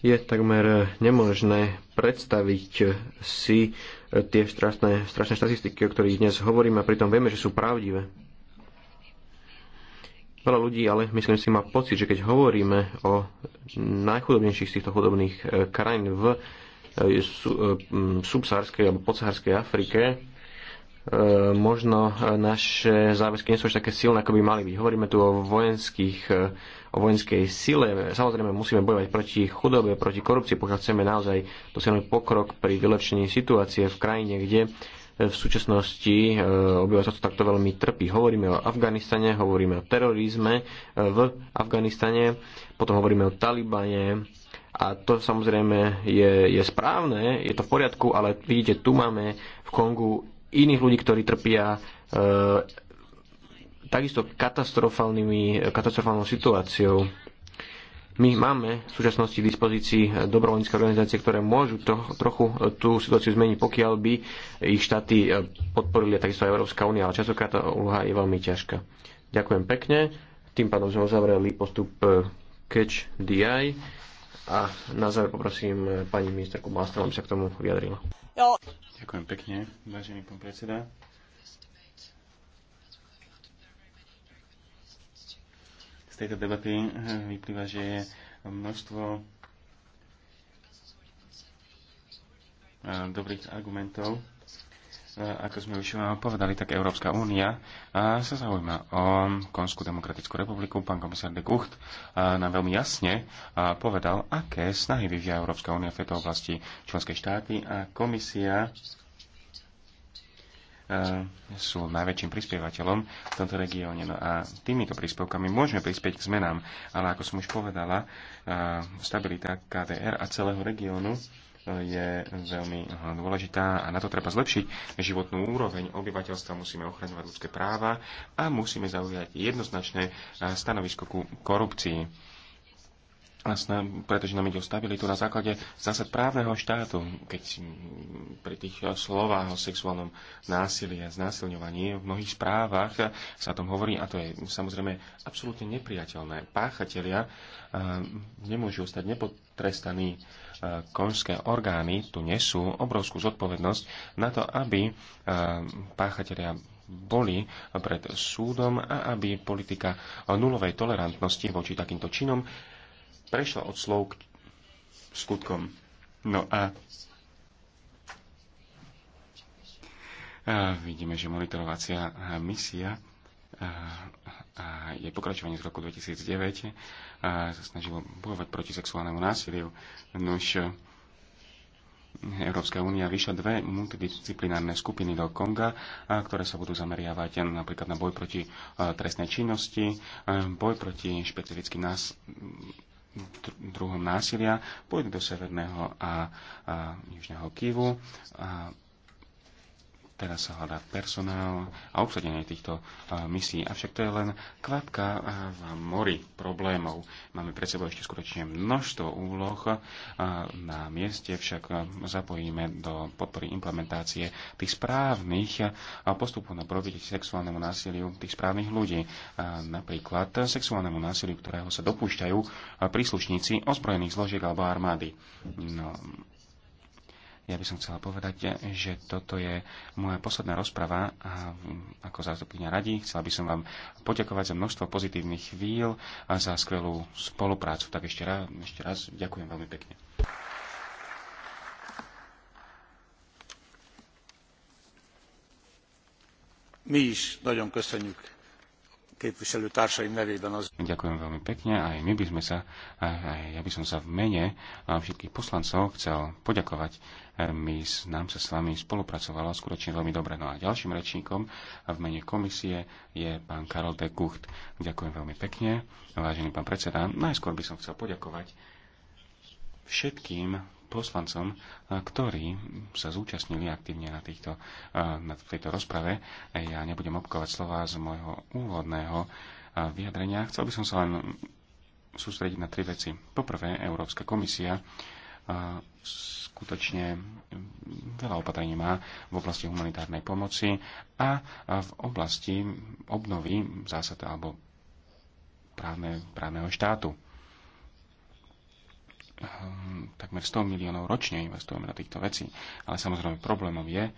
Je takmer nemožné predstaviť si tie strašné, strašné štatistiky, o ktorých dnes hovoríme a pritom vieme, že sú pravdivé. Veľa ľudí, ale myslím si, má pocit, že keď hovoríme o najchudobnejších z týchto chudobných e, krajín v e, e, subsárskej alebo podsahárskej Afrike, možno naše záväzky nie sú až také silné, ako by mali byť. Hovoríme tu o vojenských o vojenskej sile. Samozrejme musíme bojovať proti chudobe, proti korupcii, pokiaľ chceme naozaj dosiahnuť pokrok pri vylepšení situácie v krajine, kde v súčasnosti e, obyvateľstvo takto veľmi trpí. Hovoríme o Afganistane, hovoríme o terorizme e, v Afganistane, potom hovoríme o Talibane a to samozrejme je, je správne, je to v poriadku, ale vidíte, tu máme v Kongu iných ľudí, ktorí trpia e, takisto katastrofálnou situáciou. My máme v súčasnosti v dispozícii dobrovoľnícke organizácie, ktoré môžu to, trochu eh, tú situáciu zmeniť, pokiaľ by ich štáty eh, podporili a takisto aj Európska únia, ale častokrát tá úloha je veľmi ťažká. Ďakujem pekne. Tým pádom sme uzavreli postup eh, Catch DI a na záver poprosím pani ministerku Malstrom, aby sa k tomu vyjadrila. Ďakujem pekne, vážený pán predseda. tejto debaty eh, vyplýva, že je množstvo eh, dobrých argumentov. Eh, ako sme už povedali, tak Európska únia sa zaujíma o Konskú demokratickú republiku. Pán komisár de Gucht nám veľmi jasne povedal, aké snahy vyvíja Európska únia v tejto oblasti členské štáty a komisia sú najväčším prispievateľom v tomto regióne. No a týmito príspevkami môžeme prispieť k zmenám, ale ako som už povedala, stabilita KDR a celého regiónu e, je veľmi e, dôležitá a na to treba zlepšiť životnú úroveň obyvateľstva, musíme ochraňovať ľudské práva a musíme zaujať jednoznačné e, stanovisko ku korupcii a snám, pretože nám ide o stabilitu na základe zásad právneho štátu, keď pri tých slovách o sexuálnom násilí a znásilňovaní v mnohých správach sa o tom hovorí a to je samozrejme absolútne nepriateľné. Páchatelia eh, nemôžu ostať nepotrestaní. Eh, konžské orgány tu nesú obrovskú zodpovednosť na to, aby eh, páchatelia boli pred súdom a aby politika nulovej tolerantnosti voči takýmto činom prešla od slov k skutkom. No a vidíme, že monitorovacia misia a je pokračovanie z roku 2009 sa snažilo bojovať proti sexuálnemu násiliu. Nož Európska únia vyšla dve multidisciplinárne skupiny do Konga, ktoré sa budú zameriavať napríklad na boj proti trestnej činnosti, boj proti špecifickým nás druhom násilia, pôjdu do severného a, a južného Kivu a Teraz sa hľadá personál a obsadenie týchto misií. Avšak to je len kvapka v mori problémov. Máme pred sebou ešte skutočne množstvo úloh. Na mieste však zapojíme do podpory implementácie tých správnych postupov na proti sexuálnemu násiliu tých správnych ľudí. Napríklad sexuálnemu násiliu, ktorého sa dopúšťajú príslušníci ozbrojených zložiek alebo armády. No, ja by som chcela povedať, že toto je moja posledná rozprava a ako zástupkynia radí. Chcela by som vám poďakovať za množstvo pozitívnych chvíľ a za skvelú spoluprácu. Tak ešte raz, ešte raz ďakujem veľmi pekne. My is nagyon köszönjük Ďakujem veľmi pekne. Aj my by sme sa, aj ja by som sa v mene všetkých poslancov chcel poďakovať. E, my, s nám sa s vami spolupracovalo skutočne veľmi dobre. No a ďalším rečníkom v mene komisie je pán Karol de Gucht. Ďakujem veľmi pekne. Vážený pán predseda, najskôr by som chcel poďakovať všetkým poslancom, ktorí sa zúčastnili aktívne na, týchto, na tejto rozprave. Ja nebudem obkovať slova z môjho úvodného vyjadrenia. Chcel by som sa len sústrediť na tri veci. Poprvé, Európska komisia skutočne veľa opatrení má v oblasti humanitárnej pomoci a v oblasti obnovy zásad alebo právne, právneho štátu Ehm, takmer 100 miliónov ročne investujeme na týchto veci, Ale samozrejme problémom je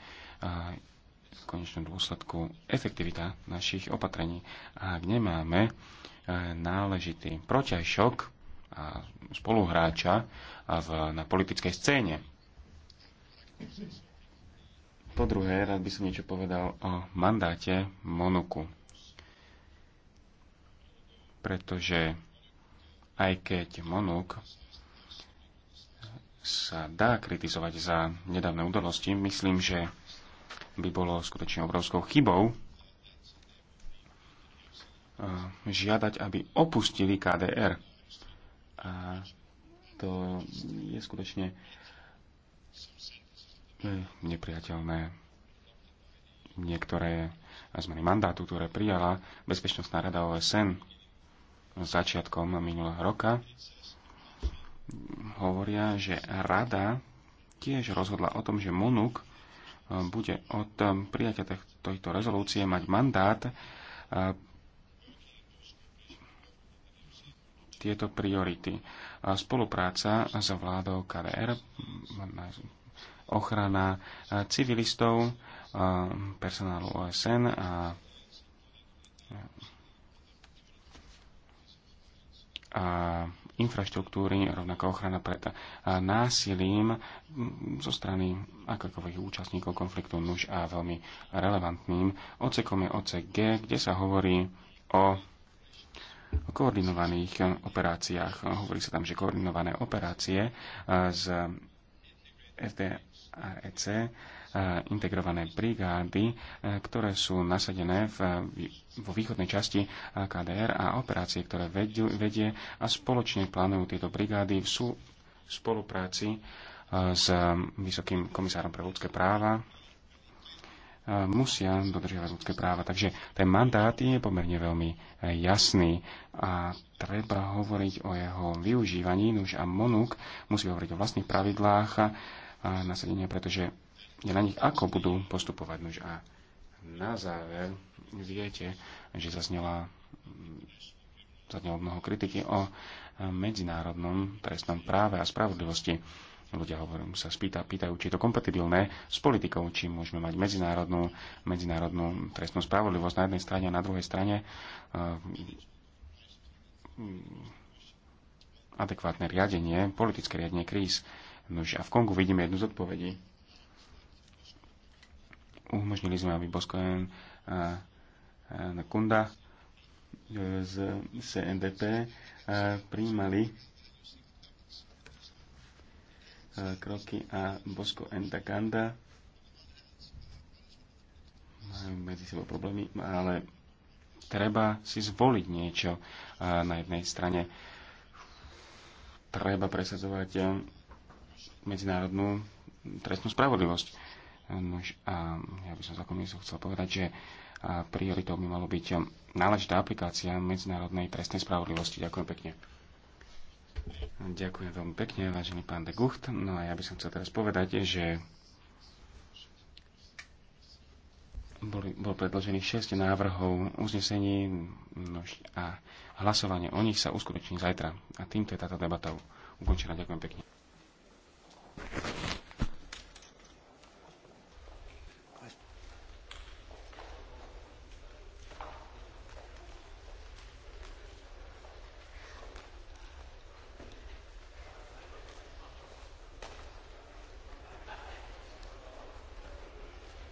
v konečnom dôsledku efektivita našich opatrení. A ak nemáme e, náležitý protiajšok a spoluhráča v, na politickej scéne. Po druhé, rád by som niečo povedal o mandáte Monuku. Pretože aj keď Monuk sa dá kritizovať za nedávne udalosti, myslím, že by bolo skutočne obrovskou chybou eh, žiadať, aby opustili KDR. A to je skutočne eh, nepriateľné. Niektoré zmeny mandátu, ktoré prijala Bezpečnostná rada OSN začiatkom minulého roka, hovoria, že rada tiež rozhodla o tom, že MONUK e, bude od e, prijatia tejto rezolúcie mať mandát e, tieto priority. Spolupráca s vládou KDR, ochrana civilistov, personálu OSN a, a infraštruktúry, rovnako ochrana pred eh, násilím zo strany akákových účastníkov konfliktu nuž a veľmi relevantným ocekom je ocek G, kde sa hovorí o koordinovaných eh, operáciách. Hovorí sa tam, že koordinované operácie eh, z FDREC E, integrované brigády, e, ktoré sú nasadené v, vo východnej časti KDR a operácie, ktoré vedie, vedie a spoločne plánujú tieto brigády v sú, spolupráci e, s Vysokým komisárom pre ľudské práva musia dodržiavať ľudské práva. Takže ten mandát je pomerne veľmi jasný a treba hovoriť o jeho využívaní. Nuž a Monuk musí hovoriť o vlastných pravidlách a nasadenia, pretože je na nich, ako budú postupovať. Nuž a na záver viete, že zaznela zaznelo mnoho kritiky o medzinárodnom trestnom práve a spravodlivosti. Ľudia hovorím, sa spýta, pýtajú, či je to kompatibilné s politikou, či môžeme mať medzinárodnú, medzinárodnú trestnú spravodlivosť na jednej strane a na druhej strane eh, adekvátne riadenie, politické riadenie kríz. No a v Kongu vidíme jednu z odpovedí umožnili sme, aby Boskojen a, a Kunda e, z CNDP e, príjmali e, kroky a Bosko Endaganda majú medzi sebou problémy, ale treba si zvoliť niečo na jednej strane. Treba presadzovať medzinárodnú trestnú spravodlivosť Nož, ehm, a ehm, ja by som za komisiu chcel povedať, že prioritou by malo byť ehm, náležitá aplikácia medzinárodnej trestnej spravodlivosti. Ďakujem pekne. Ďakujem veľmi pekne, vážený pán de Gucht. No a ja by som chcel teraz povedať, že bol, bol predložených 6 návrhov uznesení nož, a hlasovanie o nich sa uskutoční zajtra. A týmto je táto debata ukončená. Ďakujem pekne.